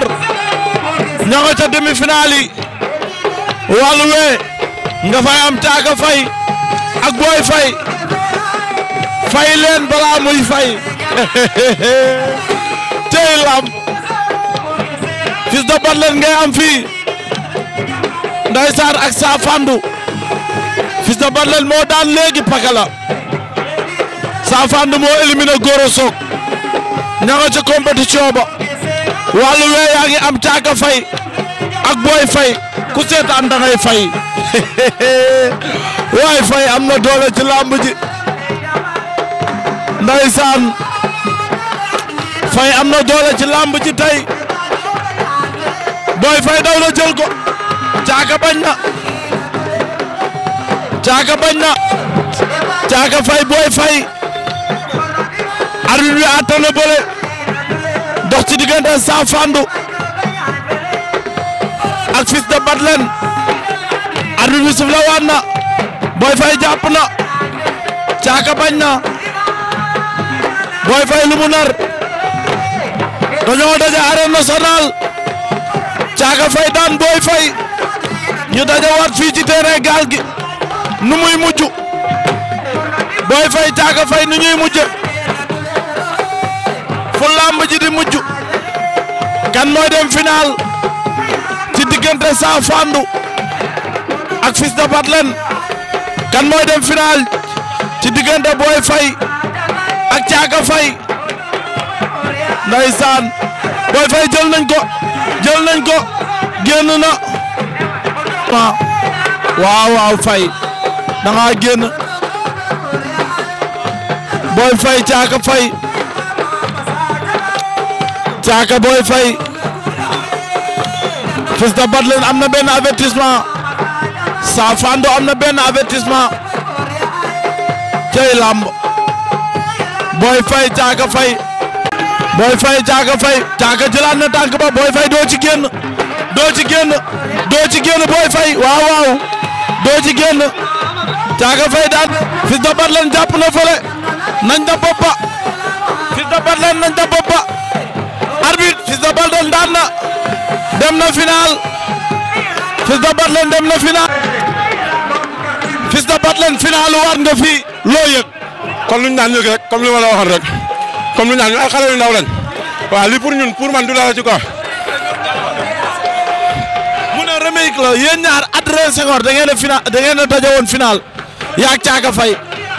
Senghor ña nga nga fay am taaga fay ak booy fay fay balaa muy fay tey lamb Fils de ngay am fii ndeysaan ak saa fandu Fils moo daan léegi pakala saa moo éliminé Goro Sock ña ba wàllu wee ngi am caaka fay ak booy fay ku seetaan da fay waay fay am na doole ci làmb ji ndaysaan fay am na doole ci làmb ji tey booy fay daw na jël ko caaka bañ na caaka bañ na caaka fay booy fay arbitre bi àtte na dox ci diggante Saa Fandu ak Fils de Batlen arbitre bi sifle na Boy Faye jàpp na caaka bañ na Boy Faye lu nar dañoo daje arène nationale caaka fay daan Boy Faye ñu daje waat fii ci terrain nu muy mujj Boy Faye caaka fay nu ñuy mujje fu làmb ji di mujj kan mooy dem final ci diggante Sa ak Fils de Batlen kan mooy dem final ci diggante Boy Faye ak Caaka Faye ndeysaan Boy Faye jël nañ ko jël nañ ko génn waaw waaw Faye da génn Boy Faye Caaka Faye Caaka Boy Faye Fils de Batling am na benn avertissement Safando am na benn avertissement cey lamb Boy Faye Caaka Faye Boy Faye Caaka Faye Caaka jëlaat na tànk ba Boy Faye doo ci génn doo ci génn doo ci génn Boy Faye waaw waaw doo ci génn Caaka Faye daan Fils de jàpp na fële nañ da bopp ba Fils nañ da bopp arbitre Fils de Balla daan na dem na final Fils de Balla dem na final Fils de Balla final war nga fi loo yëg. kon lu ñu naan yëg rek comme li ma la waxoon rek comme lu ñu naan ñu ay xale yu ndaw lañ waaw li pour ñun pour man du dara ci quoi. mu ne remake la yéen ñaar Adrien Senghor da ngeen a final da ngeen a dajewoon final yaag caaka fay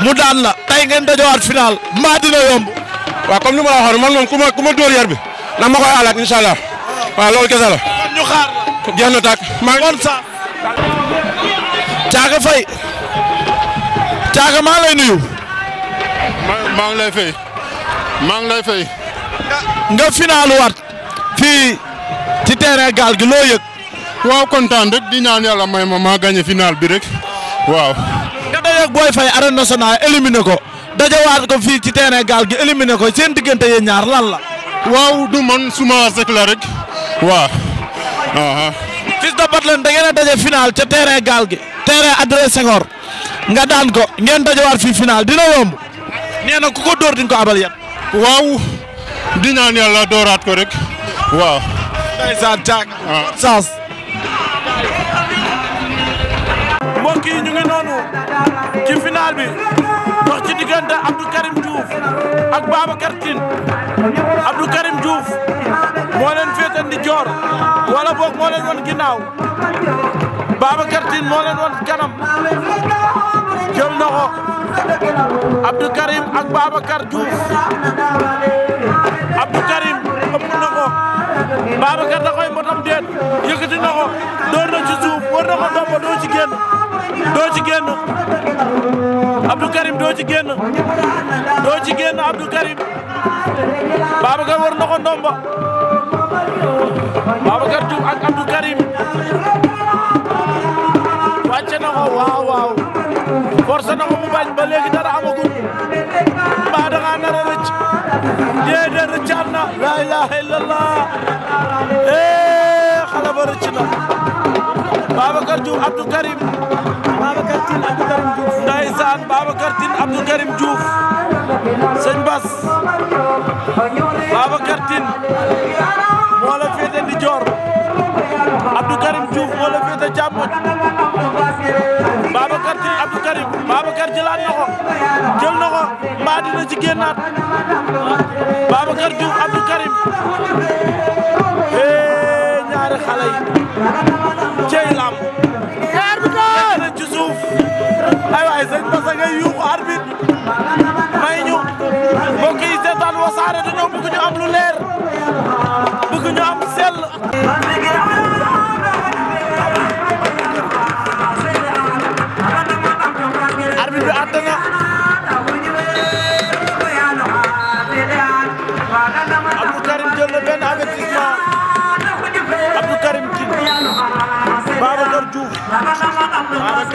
mu daan la tey ngeen dajewaat final mbaa dina yomb. waaw comme ni ma la waxoon man moom ku ma ku ma dóor yar bi. na ma koy alaat incha allah waaw loolu kese la. ñu xaar la. jeex na tàkk maa ngi. bon saa. Thiaka maa lay nuyu. maa ngi lay fay. maa ngi lay fay. nga final waat fii ci terrain gaal gi loo yëg. waaw kontaan rek di ñaan yàlla may ma maa gagné final bi rek waaw. nga dajeeg Boy Faye arène nationale ko ko dajawaat ko fii ci terrain gaal gi éliminé ko seen diggante yéen ñaar lan la. waaw du man suma sek la rek waaw. Fils de Batlen da ngeen a daje final ca terrain gaal gi. terrain Adrien nga daan ko ngeen dajewaat fii final dina yomb. nee na ku ko dóor di ko abal yat. waaw di ñaan dooraat ko rek waaw. ndeysaan caag. Ah. ñu ngi noonu ci final bi dox ci diggante Abdou Karim Diouf ak Babacar Tine. Diouf moo leen ndi joor wala boog moo leen won ginnaaw Babacar Tine moo leen won kanam jël na ak Babacar Diouf Abdou Karim ëpp na ko Babacar da koy motam déet yëkkati na ko doo ci génn ci génn Babacar war na ko ndomba Babacar Diouf ak Abdou Karim wàcce na ko waaw waaw force na ko mu bañ ba léegi dara amagul mbaa da ngaa nar a rëcc déedéet rëccaat na la ilaha illallah eh xale ba rëcc na Babacar Diouf Abdou Karim Babacar Tine Abdou Karim Diouf ndeysaan Babacar Tine Abdou Karim Diouf sëñ Bass ma mbaa dina ci génnaat Babacar Diouf Abdou Karim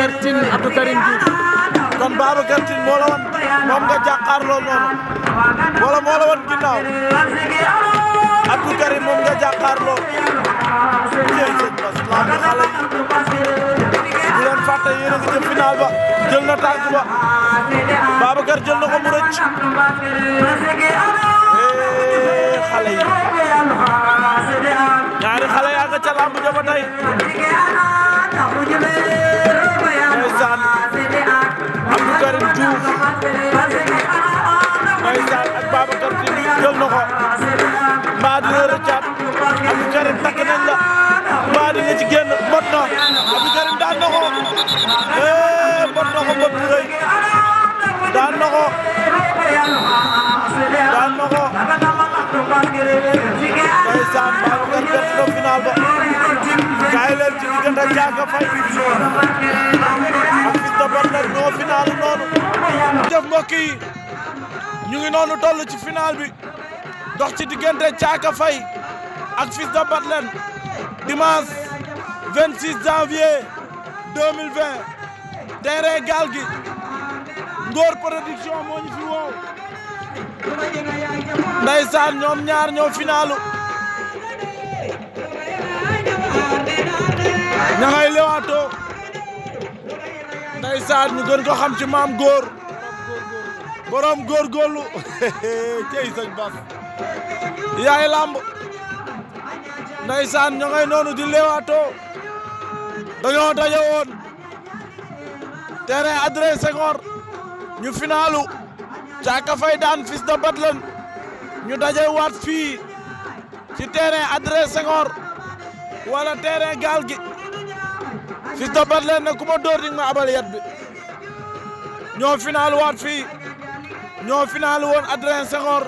Babacar Tine Abdou Karim Diouf kon Babacar Tine moo la wan moom nga jàkkaarloo noonu wala moo la wan ginnaaw Abdou Karim moom nga jàkkaarloo laami xale yi bu leen fàtte yéen a ngi jëm final ba jël na tànk ba Babacar jël na ko mu rëcc eh, xale yi ñaari xale yaa nga ca làmb ja ba tey daan na ko daan na ko ndeysaan Babacar ba kaay leen ci diggante Thiaka Faye ak Fils de Balla ñoo final noonu def mbokk ñu ngi noonu toll ci final bi dox ci diggante Thiaka Faye ak Fils de Balla dimanche janvier 2020 terrain Gaal Ngor production moo ñu fi woow ndeysaan ñoom ñaar ñoo finalu ña ngay lewaatoo ndeysaan ñu gën ko xam ci maam góor borom góorgóorlu cey sëñ Bas yaay làmb ndeysaan ña ngay noonu di lewaatoo dañoo daje woon terrain Adrien Senghor ñu finalu Caaka Fay daan Fils de Batlen ñu daje waat fii ci terrain Adrien Senghor wala terrain gaal gi Fils de Batlen ne ku dóor dinga ma abal bi ñoo final waat fii ñoo final woon Adrien Senghor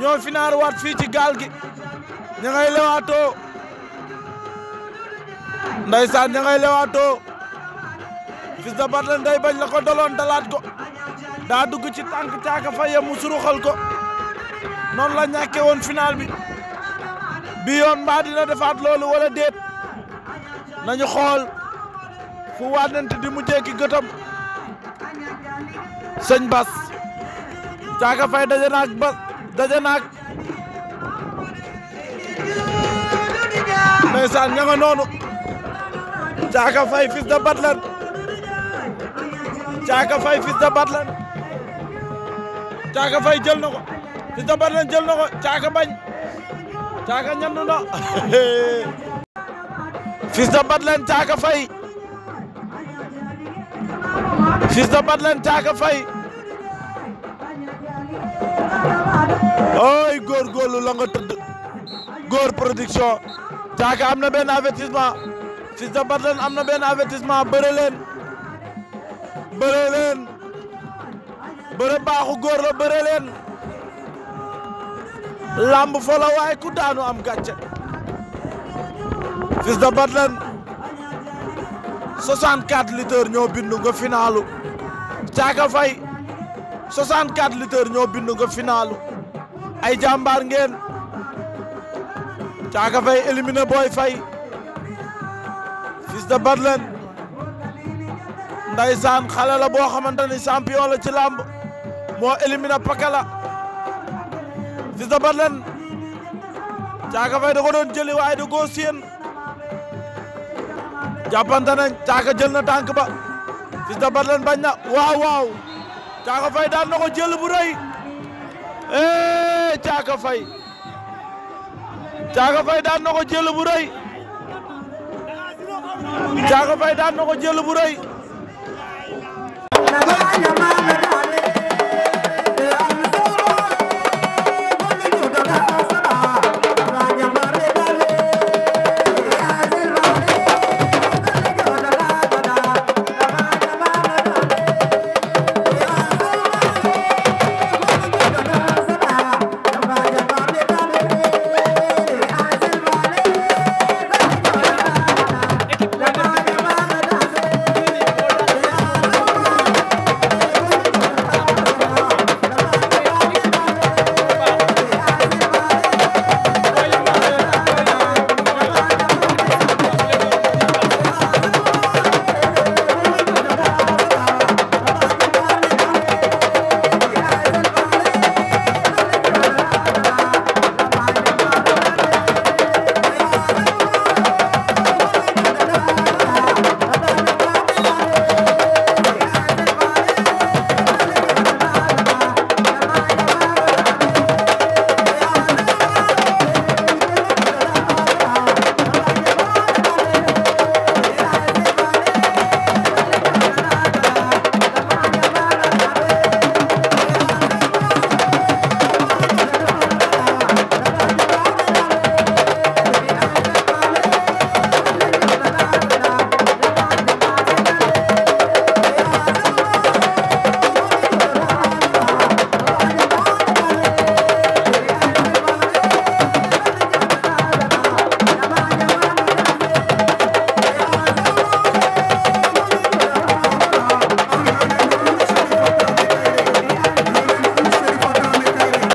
ñoo final waat fii ci gaal gi ña ngay lewaatoo ndeysaan ña ngay lewaatoo Fils de Batlen day bañ la ko doloon dalaat ko daa dugg ci tànk caaka faye mu suruxal ko noonu la ñàkke woon final bi bi yoon mbaa dina defaat loolu wala déet nañu xool fu waanante di mu jekki gëtam sëñ Bas caaka fay daje Bas daje naag ndeysaan nga noonu caaka fay fils de Batlen caaka fay fils de Batlen caaka fay jël na ko Fils jël na ko caaka bañ caaka ñandu na Fils de Batling caaka fay Fils de Batling caaka fay ooy góorgóorlu la nga tëdd góor production caaka am na benn avertissement Fils am na benn avertissement bëre leen bëre leen bëre baaxu góor la bëre leen lamb fa la waaye ku daanu am gàcce Fils de Batlen 64 litres ñoo bindu nga finalu Caaka Faye 64 litres ñoo bindu nga finalu ay jàmbaar ngeen Caaka Faye éliminé Boy Faye Fils de Batlen ndeysaan xale la boo xamante champion la ci lamb moo éliminé Pakala Fils de Caaka Faye da doon jëli waaye da koo seen jàppante nañ Caaka jël na tànk ba Fils de bañ na waaw waaw Caaka Faye daan na ko jël bu Caaka eh, Faye Caaka Faye daan na ko jël Caaka Faye daan na ko jël